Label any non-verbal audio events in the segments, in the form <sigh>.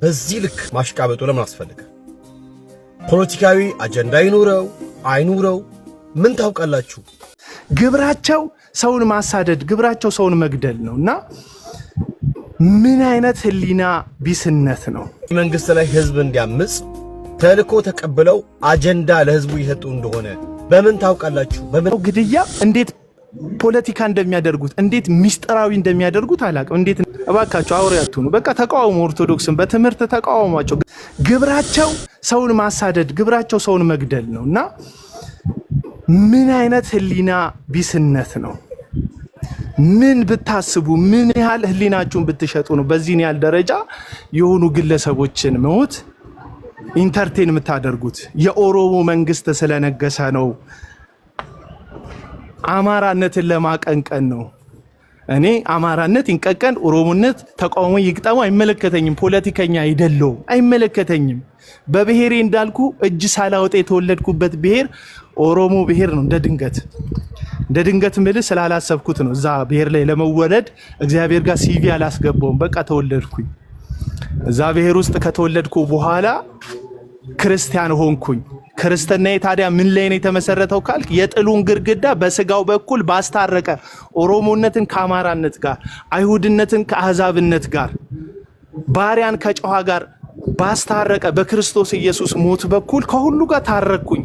በዚህ ልክ ማሽቃበጡ ለምን አስፈልገ? ፖለቲካዊ አጀንዳ ይኑረው አይኑረው ምን ታውቃላችሁ? ግብራቸው ሰውን ማሳደድ፣ ግብራቸው ሰውን መግደል ነው እና ምን አይነት ህሊና ቢስነት ነው? መንግስት ላይ ህዝብ እንዲያምፅ ተልእኮ ተቀብለው አጀንዳ ለህዝቡ ይሰጡ እንደሆነ በምን ታውቃላችሁ? በምን ግድያ እንዴት ፖለቲካ እንደሚያደርጉት እንዴት ሚስጥራዊ እንደሚያደርጉት አላቅም እንዴት እባካቸው አውሬ አትሆኑ። በቃ ተቃውሞ፣ ኦርቶዶክስን በትምህርት ተቃውሟቸው። ግብራቸው ሰውን ማሳደድ፣ ግብራቸው ሰውን መግደል ነው እና ምን አይነት ህሊና ቢስነት ነው? ምን ብታስቡ፣ ምን ያህል ህሊናችሁን ብትሸጡ ነው በዚህን ያህል ደረጃ የሆኑ ግለሰቦችን መውት ኢንተርቴን የምታደርጉት? የኦሮሞ መንግስት ስለነገሰ ነው፣ አማራነትን ለማቀንቀን ነው እኔ አማራነት ይንቀቀን፣ ኦሮሞነት ተቃውሞ ይግጠሙ፣ አይመለከተኝም። ፖለቲከኛ አይደለሁም፣ አይመለከተኝም። በብሔሬ እንዳልኩ እጅ ሳላወጣ የተወለድኩበት ብሔር ኦሮሞ ብሔር ነው። እንደ ድንገት እንደ ድንገት ምል ስላላሰብኩት ነው። እዛ ብሔር ላይ ለመወለድ እግዚአብሔር ጋር ሲቪ አላስገባውም። በቃ ተወለድኩኝ። እዛ ብሔር ውስጥ ከተወለድኩ በኋላ ክርስቲያን ሆንኩኝ። ክርስትናዬ ታዲያ ምን ላይ ነው የተመሰረተው ካልክ የጥሉን ግድግዳ በስጋው በኩል ባስታረቀ ኦሮሞነትን ከአማራነት ጋር፣ አይሁድነትን ከአህዛብነት ጋር፣ ባሪያን ከጨዋ ጋር ባስታረቀ በክርስቶስ ኢየሱስ ሞት በኩል ከሁሉ ጋር ታረኩኝ።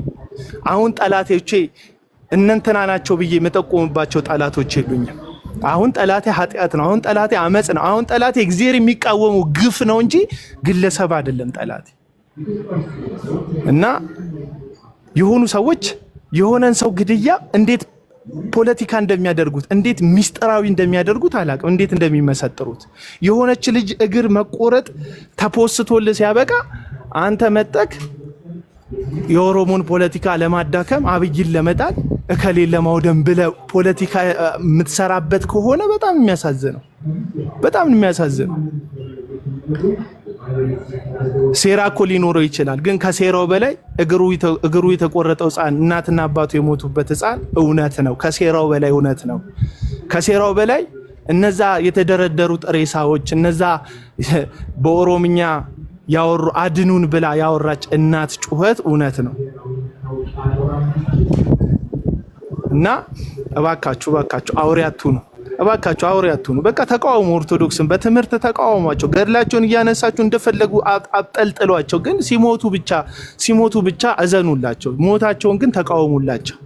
አሁን ጠላቶቼ እነንትና ናቸው ብዬ የምጠቆምባቸው ጠላቶች የሉኝም። አሁን ጠላቴ ኃጢአት ነው። አሁን ጠላቴ አመፅ ነው። አሁን ጠላቴ እግዚአብሔር የሚቃወመው ግፍ ነው እንጂ ግለሰብ አይደለም ጠላቴ እና የሆኑ ሰዎች የሆነን ሰው ግድያ እንዴት ፖለቲካ እንደሚያደርጉት እንዴት ሚስጥራዊ እንደሚያደርጉት አላቅም፣ እንዴት እንደሚመሰጥሩት የሆነች ልጅ እግር መቆረጥ ተፖስቶል ሲያበቃ አንተ መጠቅ የኦሮሞን ፖለቲካ ለማዳከም አብይን ለመጣል እከሌን ለማውደም ብለ ፖለቲካ የምትሰራበት ከሆነ በጣም የሚያሳዝነው በጣም የሚያሳዝነው ሴራ እኮ ሊኖረው ይችላል፣ ግን ከሴራው በላይ እግሩ የተቆረጠው ህፃን እናትና አባቱ የሞቱበት ህፃን እውነት ነው። ከሴራው በላይ እውነት ነው። ከሴራው በላይ እነዛ የተደረደሩ ጥሬሳዎች፣ እነዛ በኦሮምኛ ያወሩ አድኑን ብላ ያወራች እናት ጩኸት እውነት ነው። እና እባካችሁ እባካችሁ አውሪያቱ ነው እባካችሁ አውሬ አትሁኑ። በቃ ተቃውሞ፣ ኦርቶዶክስን በትምህርት ተቃውሟቸው፣ ገድላቸውን እያነሳችሁ እንደፈለጉ አብጠልጥሏቸው። ግን ሲሞቱ ብቻ ሲሞቱ ብቻ እዘኑላቸው፣ ሞታቸውን ግን ተቃውሙላቸው።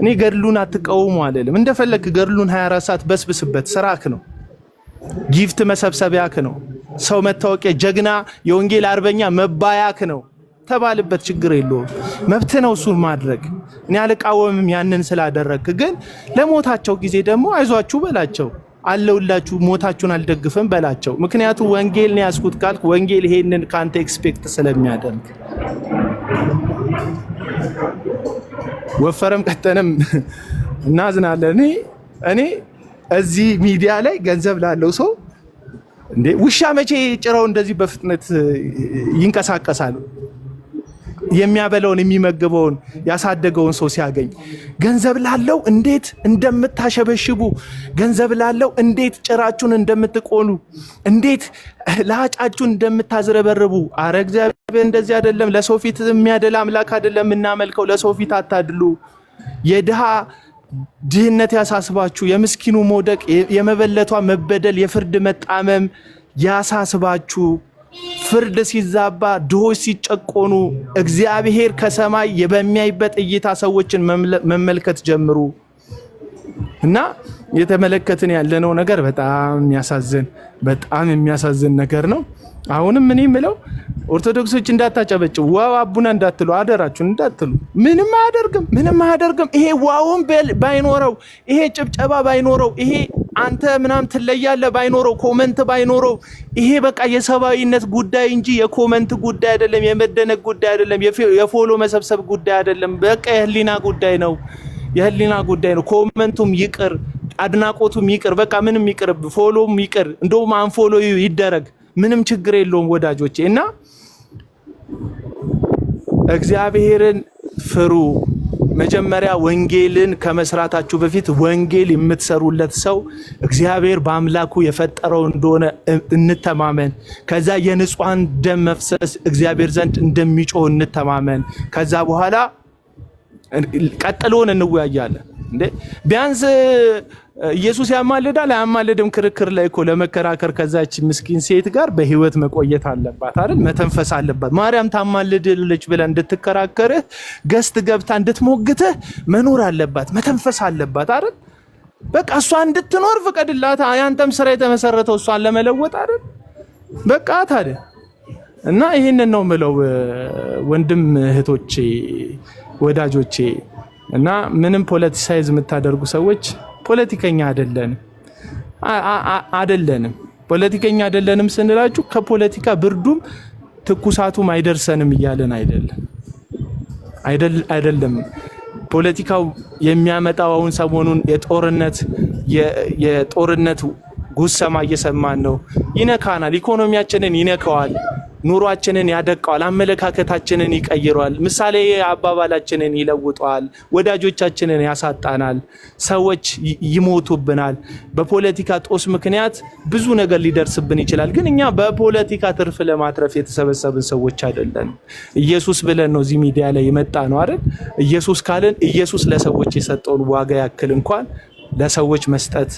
እኔ ገድሉን አትቃውሙ አለልም። እንደፈለግ ገድሉን 24 ሰዓት በስብስበት፣ ስራክ ነው፣ ጊፍት መሰብሰቢያክ ነው፣ ሰው መታወቂያ፣ ጀግና የወንጌል አርበኛ መባያክ ነው። ተባልበት ችግር የለውም። መብት ነው እሱን ማድረግ። እኔ አልቃወምም ያንን ስላደረግክ። ግን ለሞታቸው ጊዜ ደግሞ አይዟችሁ በላቸው፣ አለውላችሁ፣ ሞታችሁን አልደግፍም በላቸው። ምክንያቱም ወንጌል ነው ያስኩት ካልክ ወንጌል ይሄንን ከአንተ ኤክስፔክት ስለሚያደርግ ወፈረም ቀጠንም <laughs> እናዝናለን። እኔ እዚህ ሚዲያ ላይ ገንዘብ ላለው ሰው እንዴ ውሻ መቼ ጭረው እንደዚህ በፍጥነት ይንቀሳቀሳል? የሚያበላውን የሚመግበውን ያሳደገውን ሰው ሲያገኝ ገንዘብ ላለው እንዴት እንደምታሸበሽቡ፣ ገንዘብ ላለው እንዴት ጭራችሁን እንደምትቆሉ፣ እንዴት ለአጫችሁን እንደምታዝረበርቡ። አረ እግዚአብሔር እንደዚህ አይደለም። ለሰው ፊት የሚያደላ አምላክ አይደለም የምናመልከው። ለሰው ፊት አታድሉ። የድሃ ድህነት ያሳስባችሁ፣ የምስኪኑ መውደቅ፣ የመበለቷ መበደል፣ የፍርድ መጣመም ያሳስባችሁ። ፍርድ ሲዛባ፣ ድሆች ሲጨቆኑ እግዚአብሔር ከሰማይ በሚያይበት እይታ ሰዎችን መመልከት ጀምሩ እና የተመለከትን ያለነው ነገር በጣም የሚያሳዝን በጣም የሚያሳዝን ነገር ነው። አሁንም እኔ ምለው ኦርቶዶክሶች እንዳታጨበጭቡ ዋው አቡና እንዳትሉ አደራችሁን እንዳትሉ። ምንም አያደርግም፣ ምንም አያደርግም። ይሄ ዋውን ባይኖረው፣ ይሄ ጭብጨባ ባይኖረው፣ ይሄ አንተ ምናምን ትለያለህ ባይኖረው ኮመንት ባይኖረው፣ ይሄ በቃ የሰብአዊነት ጉዳይ እንጂ የኮመንት ጉዳይ አይደለም፣ የመደነቅ ጉዳይ አይደለም፣ የፎሎ መሰብሰብ ጉዳይ አይደለም። በቃ የህሊና ጉዳይ ነው፣ የህሊና ጉዳይ ነው። ኮመንቱም ይቅር፣ አድናቆቱም ይቅር፣ በቃ ምንም ይቅር፣ ፎሎም ይቅር፣ እንደውም አንፎሎ ይደረግ፣ ምንም ችግር የለውም ወዳጆቼ እና እግዚአብሔርን ፍሩ። መጀመሪያ ወንጌልን ከመስራታችሁ በፊት ወንጌል የምትሰሩለት ሰው እግዚአብሔር በአምላኩ የፈጠረው እንደሆነ እንተማመን። ከዛ የንጹሐን ደም መፍሰስ እግዚአብሔር ዘንድ እንደሚጮህ እንተማመን። ከዛ በኋላ ቀጥሎን እንወያያለን። እንዴ ቢያንስ ኢየሱስ ያማልዳል አያማልድም ክርክር ላይ እኮ ለመከራከር ከዛች ምስኪን ሴት ጋር በህይወት መቆየት አለባት አይደል? መተንፈስ አለባት። ማርያም ታማልድልች ብለ እንድትከራከርህ ገስት ገብታ እንድትሞግትህ መኖር አለባት፣ መተንፈስ አለባት አይደል? በቃ እሷ እንድትኖር ፍቀድላት። ያንተም ስራ የተመሰረተው እሷን ለመለወጥ አይደል? በቃ ታዲያ እና ይህንን ነው ምለው ወንድም እህቶቼ፣ ወዳጆቼ እና ምንም ፖለቲሳይዝ የምታደርጉ ሰዎች ፖለቲከኛ አይደለንም አይደለንም። ፖለቲከኛ አይደለንም ስንላችሁ ከፖለቲካ ብርዱም ትኩሳቱም አይደርሰንም እያለን አይደለም አይደለም። ፖለቲካው የሚያመጣው አሁን ሰሞኑን የጦርነት የጦርነት ጉሰማ እየሰማን ነው። ይነካናል፣ ኢኮኖሚያችንን ይነካዋል። ኑሯችንን ያደቀዋል፣ አመለካከታችንን ይቀይረዋል፣ ምሳሌ አባባላችንን ይለውጠዋል፣ ወዳጆቻችንን ያሳጣናል፣ ሰዎች ይሞቱብናል። በፖለቲካ ጦስ ምክንያት ብዙ ነገር ሊደርስብን ይችላል። ግን እኛ በፖለቲካ ትርፍ ለማትረፍ የተሰበሰብን ሰዎች አይደለን። ኢየሱስ ብለን ነው እዚህ ሚዲያ ላይ የመጣ ነው አይደል? ኢየሱስ ካልን ኢየሱስ ለሰዎች የሰጠውን ዋጋ ያክል እንኳን ለሰዎች መስጠት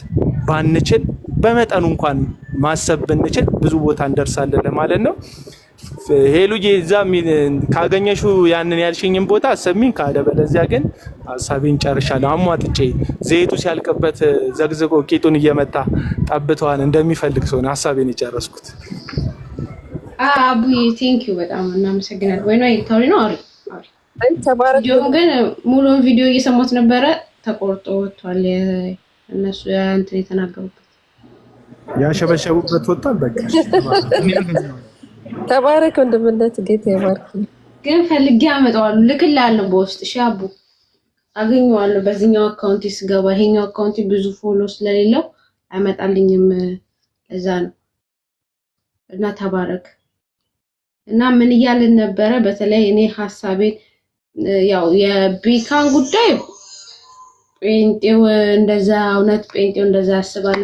ባንችል በመጠኑ እንኳን ማሰብ ብንችል ብዙ ቦታ እንደርሳለን ለማለት ነው። ሄሉዬ እዛ ካገኘሹ ያንን ያልሽኝን ቦታ አሰሚኝ ካለ በለዚያ ግን ሀሳቤን ጨርሻለሁ። አሟጥጬ ዘይቱ ሲያልቅበት ዘግዝቆ ቂጡን እየመታ ጠብተዋል እንደሚፈልግ ሰው ሀሳቤን የጨረስኩት። አቡዬ በጣም እናመሰግናል። ወይ ታሪ ነው አሪ ግን ሙሉን ቪዲዮ እየሰማት ነበረ። ተቆርጦ ወጥቷል። እነሱ እንትን የተናገሩበት ያሸበሸቡበት ወጣል። በቃ <laughs> ተባረክ፣ ወንድምነት ጌታ ይባርክ። ግን ፈልጌ አመጣዋለሁ፣ ልክላለሁ። በውስጥ ሻቡ አገኘዋለሁ። በዚህኛው አካውንቲ ስገባ ይሄኛው አካውንቲ ብዙ ፎሎ ስለሌለው አይመጣልኝም። እዛ ነው እና ተባረክ እና ምን እያልን ነበረ? በተለይ እኔ ሀሳቤን ያው የቢካን ጉዳይ ጴንጤው እንደዛ እውነት ጴንጤው እንደዛ ያስባል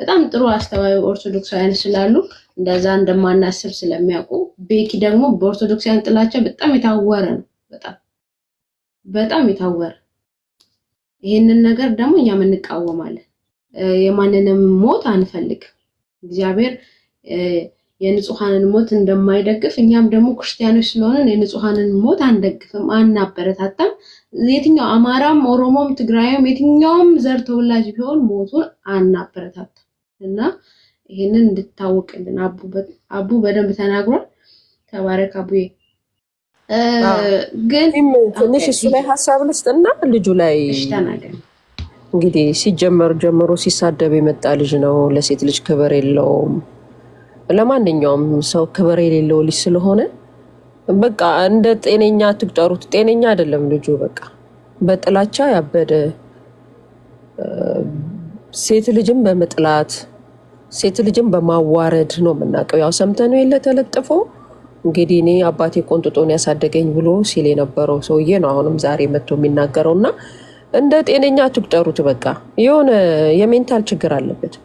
በጣም ጥሩ አስተዋይ ኦርቶዶክሳውያን ስላሉ እንደዛ እንደማናስብ ስለሚያውቁ፣ ቤኪ ደግሞ በኦርቶዶክሳውያን ጥላቻ በጣም የታወረ ነው። በጣም በጣም የታወረ ይህንን ነገር ደግሞ እኛም እንቃወማለን። የማንንም ሞት አንፈልግም። እግዚአብሔር የንጹሐንን ሞት እንደማይደግፍ እኛም ደግሞ ክርስቲያኖች ስለሆንን የንጹሐንን ሞት አንደግፍም፣ አናበረታታም። የትኛው አማራም፣ ኦሮሞም፣ ትግራይም የትኛውም ዘር ተወላጅ ቢሆን ሞቱን አናበረታታም። እና ይህንን እንድታወቅልን አቡ በደንብ ተናግሯል። ተባረክ አቡዬ። ግን ትንሽ እሱ ላይ ሀሳብ ልስጥና ልጁ ላይ እንግዲህ ሲጀመር ጀምሮ ሲሳደብ የመጣ ልጅ ነው። ለሴት ልጅ ክብር የለውም። ለማንኛውም ሰው ክብር የሌለው ልጅ ስለሆነ በቃ እንደ ጤነኛ አትቁጠሩት። ጤነኛ አይደለም ልጁ። በቃ በጥላቻ ያበደ ሴት ልጅም በመጥላት ሴት ልጅም በማዋረድ ነው የምናውቀው። ያው ሰምተን የለ ተለጥፎ እንግዲህ እኔ አባቴ ቆንጥጦን ያሳደገኝ ብሎ ሲል የነበረው ሰውዬ ነው አሁንም ዛሬ መጥቶ የሚናገረው እና እንደ ጤነኛ አትቁጠሩት። በቃ የሆነ የሜንታል ችግር አለበት።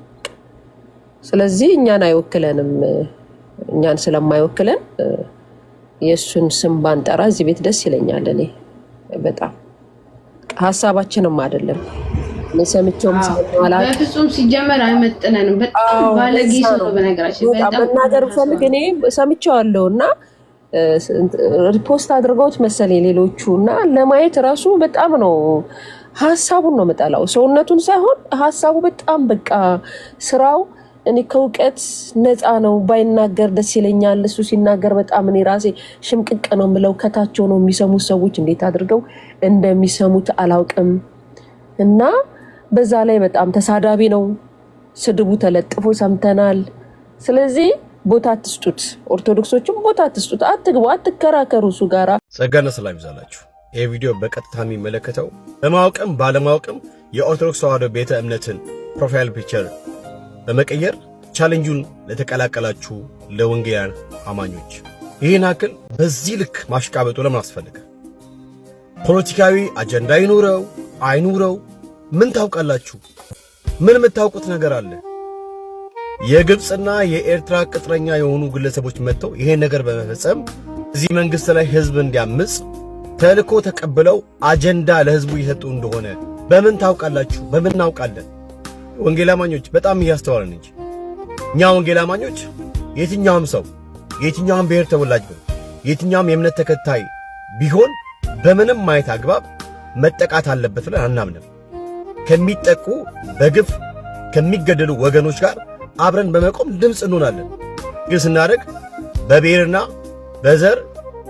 ስለዚህ እኛን አይወክለንም። እኛን ስለማይወክለን የእሱን ስም ባንጠራ እዚህ ቤት ደስ ይለኛል። እኔ በጣም ሀሳባችንም አይደለም ሰምቼውም ስለሚዋላ በፍጹም ሲጀመር አይመጥነንም። በጣም ባለጌ ሰው በነገራችን በጣም መናገር ብፈልግ እኔ ሰምቼዋለሁ እና ሪፖስት አድርገውት መሰለኝ ሌሎቹ እና ለማየት ራሱ በጣም ነው ሀሳቡን ነው የምጠላው፣ ሰውነቱን ሳይሆን ሀሳቡ በጣም በቃ ስራው እኔ ከእውቀት ነፃ ነው። ባይናገር ደስ ይለኛል። እሱ ሲናገር በጣም እኔ ራሴ ሽምቅቅ ነው የምለው። ከታቸው ነው የሚሰሙት ሰዎች እንዴት አድርገው እንደሚሰሙት አላውቅም እና በዛ ላይ በጣም ተሳዳቢ ነው። ስድቡ ተለጥፎ ሰምተናል። ስለዚህ ቦታ አትስጡት፣ ኦርቶዶክሶችም ቦታ አትስጡት። አትግቡ፣ አትከራከሩ እሱ ጋራ። ጸጋና ሰላም ይብዛላችሁ። ይህ ቪዲዮ በቀጥታ የሚመለከተው በማወቅም ባለማወቅም የኦርቶዶክስ ተዋህዶ ቤተ እምነትን ፕሮፋይል ፒክቸር በመቀየር ቻለንጁን ለተቀላቀላችሁ ለወንጌላን አማኞች ይህን አክል በዚህ ልክ ማሽቃበጡ ለምን አስፈልገ? ፖለቲካዊ አጀንዳ ይኑረው አይኑረው ምን ታውቃላችሁ? ምን የምታውቁት ነገር አለ? የግብፅና የኤርትራ ቅጥረኛ የሆኑ ግለሰቦች መጥተው ይሄን ነገር በመፈጸም እዚህ መንግሥት ላይ ሕዝብ እንዲያምፅ ተልእኮ ተቀብለው አጀንዳ ለሕዝቡ እየሰጡ እንደሆነ በምን ታውቃላችሁ? በምን እናውቃለን? ወንጌል አማኞች በጣም እያስተዋልን እንጂ እኛ ወንጌል አማኞች የትኛውም ሰው የትኛውም ብሔር ተወላጅ ነው? የትኛውም የእምነት ተከታይ ቢሆን በምንም ማየት አግባብ መጠቃት አለበት ብለን አናምንም። ከሚጠቁ በግፍ ከሚገደሉ ወገኖች ጋር አብረን በመቆም ድምፅ እንሆናለን። ግን ስናደርግ በብሔርና በዘር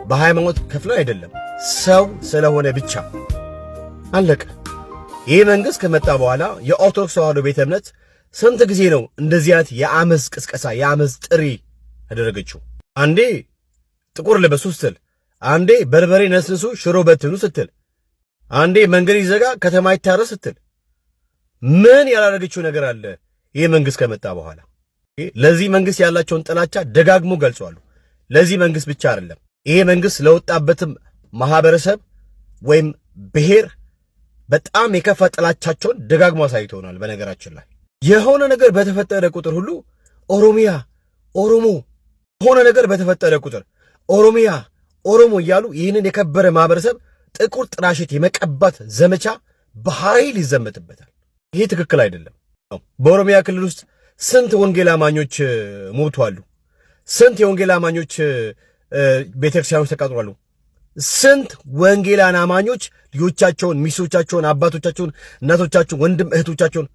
በሃይማኖት ከፍለን አይደለም፣ ሰው ስለሆነ ብቻ አለቀ። ይህ መንግሥት ከመጣ በኋላ የኦርቶዶክስ ተዋሕዶ ቤተ እምነት ስንት ጊዜ ነው እንደዚህ አይነት የአመፅ ቅስቀሳ የአመፅ ጥሪ ያደረገችው? አንዴ ጥቁር ልበሱ ስትል፣ አንዴ በርበሬ ነስንሱ ሽሮ በትኑ ስትል፣ አንዴ መንገድ ይዘጋ ከተማ ይታረስ ስትል ምን ያላደረገችው ነገር አለ? ይህ መንግስት ከመጣ በኋላ ለዚህ መንግስት ያላቸውን ጥላቻ ደጋግሞ ገልጿሉ። ለዚህ መንግስት ብቻ አይደለም፣ ይሄ መንግስት ለወጣበትም ማህበረሰብ ወይም ብሔር በጣም የከፋ ጥላቻቸውን ደጋግሞ አሳይተውናል። በነገራችን ላይ የሆነ ነገር በተፈጠረ ቁጥር ሁሉ ኦሮሚያ ኦሮሞ የሆነ ነገር በተፈጠረ ቁጥር ኦሮሚያ ኦሮሞ እያሉ ይህንን የከበረ ማህበረሰብ ጥቁር ጥላሸት የመቀባት ዘመቻ በኃይል ይዘመትበታል። ይሄ ትክክል አይደለም። በኦሮሚያ ክልል ውስጥ ስንት ወንጌል አማኞች አሉ? ስንት የወንጌል አማኞች ቤተክርስቲያኖች ተቃጥሯሉ። ስንት ወንጌላን አማኞች ልጆቻቸውን፣ ሚስቶቻቸውን፣ አባቶቻቸውን፣ እናቶቻቸውን፣ ወንድም እህቶቻቸውን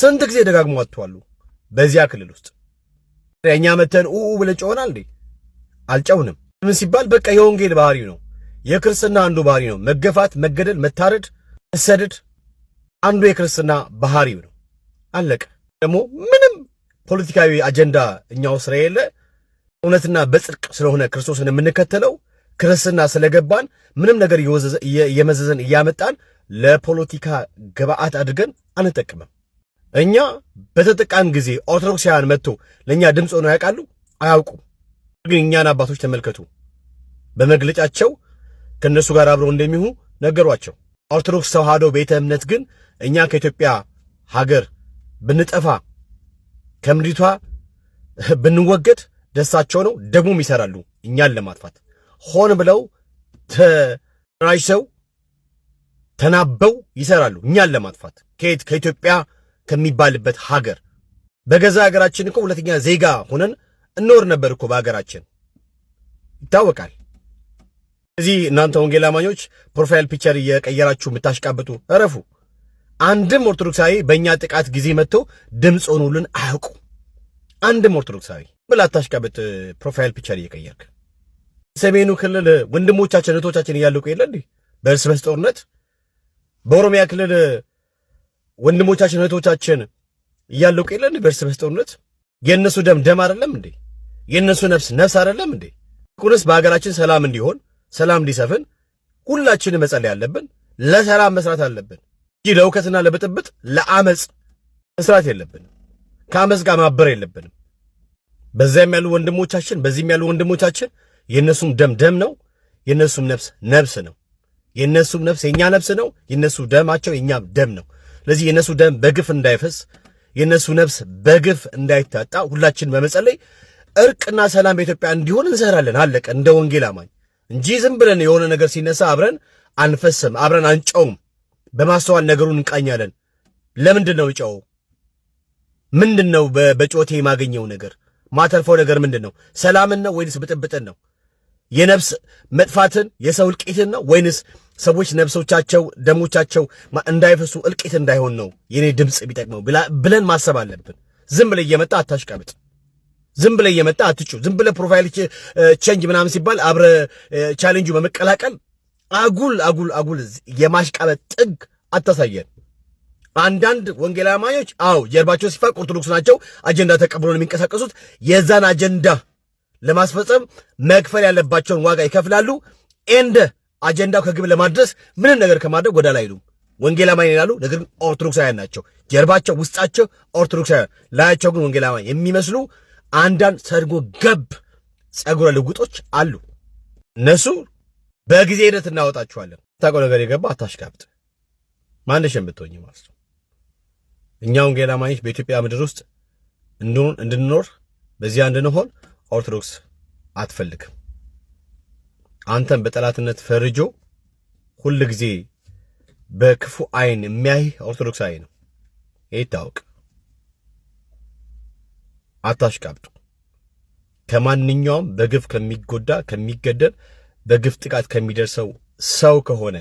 ስንት ጊዜ ደጋግሞ አጥተዋሉ። በዚያ ክልል ውስጥ እኛ መተን ኡ ብለን ጮሆናል እንዴ? አልጨውንም። ምን ሲባል በቃ የወንጌል ባህሪ ነው፣ የክርስትና አንዱ ባህሪ ነው መገፋት፣ መገደል፣ መታረድ፣ መሰደድ አንዱ የክርስትና ባህሪው ነው። አለቀ። ደግሞ ምንም ፖለቲካዊ አጀንዳ እኛ ውስጥ የለ እውነትና በጽድቅ ስለሆነ ክርስቶስን የምንከተለው ክርስትና ስለገባን ምንም ነገር እየመዘዘን እያመጣን ለፖለቲካ ግብአት አድርገን አንጠቅምም። እኛ በተጠቃን ጊዜ ኦርቶዶክሳውያን መጥቶ ለእኛ ድምፅ ሆነው ያውቃሉ? አያውቁም። ግን እኛን አባቶች ተመልከቱ። በመግለጫቸው ከእነሱ ጋር አብረው እንደሚሆኑ ነገሯቸው። ኦርቶዶክስ ተዋሕዶ ቤተ እምነት ግን እኛ ከኢትዮጵያ ሀገር ብንጠፋ ከምድሪቷ ብንወገድ ደስታቸው ነው። ደግሞም ይሰራሉ እኛን ለማጥፋት ሆን ብለው ተራጅተው ተናበው ይሰራሉ እኛን ለማጥፋት ከየት ከኢትዮጵያ ከሚባልበት ሀገር በገዛ ሀገራችን እኮ ሁለተኛ ዜጋ ሆነን እንኖር ነበር እኮ በሀገራችን ይታወቃል። እዚህ እናንተ ወንጌል አማኞች ፕሮፋይል ፒክቸር እየቀየራችሁ የምታሽቃብጡ እረፉ። አንድም ኦርቶዶክሳዊ በእኛ ጥቃት ጊዜ መጥቶ ድምፅ ሆኑልን አያውቁ። አንድም ኦርቶዶክሳዊ ብላታሽ ቀብጥ ፕሮፋይል ፒቸር እየቀየርክ ሰሜኑ ክልል ወንድሞቻችን እህቶቻችን እያለቁ የለ እንዲህ በእርስ በርስ ጦርነት በኦሮሚያ ክልል ወንድሞቻችን እህቶቻችን እያለቁ የለ እንዲህ በእርስ በርስ ጦርነት የእነሱ ደም ደም አይደለም እንዴ? የእነሱ ነፍስ ነፍስ አይደለም እንዴ? ቁንስ በሀገራችን ሰላም እንዲሆን ሰላም እንዲሰፍን ሁላችንም መጸለይ አለብን። ለሰላም መስራት አለብን። ይህ ለውከትና ለብጥብጥ ለአመፅ መስራት የለብንም። ከአመፅ ጋር ማበር የለብንም። በዚያም ያሉ ወንድሞቻችን በዚህም ያሉ ወንድሞቻችን የእነሱም ደም ደም ነው፣ የእነሱም ነፍስ ነፍስ ነው። የእነሱም ነፍስ የእኛ ነፍስ ነው። የእነሱ ደማቸው የእኛም ደም ነው። ስለዚህ የእነሱ ደም በግፍ እንዳይፈስ፣ የእነሱ ነፍስ በግፍ እንዳይታጣ ሁላችን በመጸለይ እርቅና ሰላም በኢትዮጵያ እንዲሆን እንሰራለን። አለቀ። እንደ ወንጌል አማኝ እንጂ ዝም ብለን የሆነ ነገር ሲነሳ አብረን አንፈስም፣ አብረን አንጨውም። በማስተዋል ነገሩን እንቃኛለን። ለምንድን ነው ጨው ምንድን ነው በጮቴ የማገኘው ነገር ማተርፈው ነገር ምንድን ነው? ሰላምን ነው ወይንስ ብጥብጥን ነው? የነፍስ መጥፋትን የሰው እልቂትን ነው ወይንስ ሰዎች ነፍሶቻቸው ደሞቻቸው እንዳይፈሱ እልቂት እንዳይሆን ነው የኔ ድምፅ ቢጠቅመው ብለን ማሰብ አለብን። ዝም ብለህ እየመጣ አታሽቃብጥ። ዝም ብለህ እየመጣ አትጩ። ዝም ብለህ ፕሮፋይል ቼንጅ ምናምን ሲባል አብረ ቻሌንጁ በመቀላቀል አጉል አጉል አጉል የማሽቃበጥ ጥግ አታሳየን። አንዳንድ ወንጌል አማኞች አዎ ጀርባቸው ሲፋቅ ኦርቶዶክስ ናቸው፣ አጀንዳ ተቀብሎ ነው የሚንቀሳቀሱት። የዛን አጀንዳ ለማስፈጸም መክፈል ያለባቸውን ዋጋ ይከፍላሉ። ኤንድ አጀንዳው ከግብ ለማድረስ ምንም ነገር ከማድረግ ወደ ላይ አይሉም። ወንጌል አማኝ ይላሉ፣ ነገር ግን ኦርቶዶክሳውያን ናቸው። ጀርባቸው ውስጣቸው ኦርቶዶክሳውያን፣ ላያቸው ግን ወንጌል አማኝ የሚመስሉ አንዳንድ ሰርጎ ገብ ጸጉረ ልውጦች አሉ እነሱ በጊዜ ሂደት እናወጣችኋለን። ታቆ ነገር የገባ አታሽቃብጥ። ማንደሽን ብትሆኝ ማለት ነው። እኛ ወንጌል አማኞች በኢትዮጵያ ምድር ውስጥ እንድንኖር በዚያ እንድንሆን ኦርቶዶክስ አትፈልግም። አንተን በጠላትነት ፈርጆ ሁል ጊዜ በክፉ አይን የሚያይ ኦርቶዶክስ አይ ነው። ይታወቅ። አታሽቃብጡ። ከማንኛውም በግፍ ከሚጎዳ ከሚገደል በግፍ ጥቃት ከሚደርሰው ሰው ከሆነ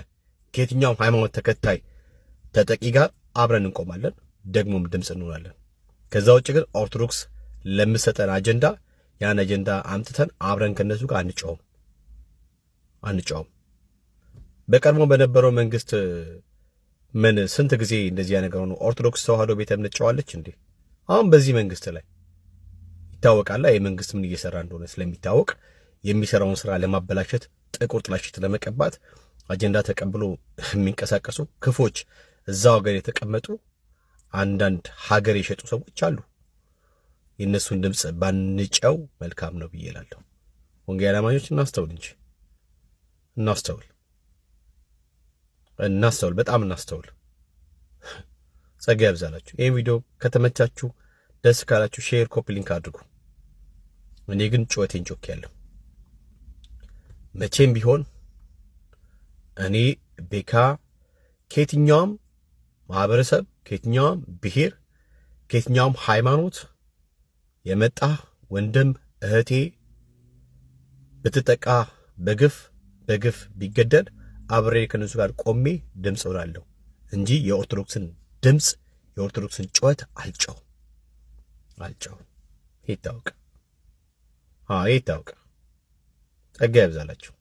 ከየትኛውም ሃይማኖት ተከታይ ተጠቂ ጋር አብረን እንቆማለን፣ ደግሞም ድምፅ እንሆናለን። ከዛ ውጭ ግን ኦርቶዶክስ ለምሰጠን አጀንዳ ያን አጀንዳ አምጥተን አብረን ከነሱ ጋር አንጫውም አንጫውም። በቀድሞ በነበረው መንግስት ምን ስንት ጊዜ እንደዚህ ነገር ሆኖ ኦርቶዶክስ ተዋህዶ ቤተ እምነት ጨዋለች እንዴ? አሁን በዚህ መንግስት ላይ ይታወቃላ። ይህ መንግስት ምን እየሰራ እንደሆነ ስለሚታወቅ የሚሰራውን ስራ ለማበላሸት ጥቁር ጥላሸት ለመቀባት አጀንዳ ተቀብሎ የሚንቀሳቀሱ ክፎች፣ እዛው ሀገር የተቀመጡ አንዳንድ ሀገር የሸጡ ሰዎች አሉ። የእነሱን ድምፅ ባንጨው መልካም ነው ብዬ እላለሁ። ወንጌል አማኞች እናስተውል እንጂ እናስተውል፣ እናስተውል፣ በጣም እናስተውል። ጸጋ ያብዛላችሁ። ይህ ቪዲዮ ከተመቻችሁ ደስ ካላችሁ ሼር፣ ኮፒ ሊንክ አድርጉ። እኔ ግን ጩኸቴን ጮክ ያለሁ መቼም ቢሆን እኔ ቤካ ከየትኛውም ማህበረሰብ፣ ከየትኛውም ብሔር፣ ከየትኛውም ሃይማኖት የመጣ ወንድም እህቴ ብትጠቃ በግፍ በግፍ ቢገደል አብሬ ከነሱ ጋር ቆሜ ድምፅ እሆናለሁ እንጂ የኦርቶዶክስን ድምፅ የኦርቶዶክስን ጩኸት አልጨው አልጨው። ይታወቅ ይታወቅ። ጸጋ ይብዛላችሁ።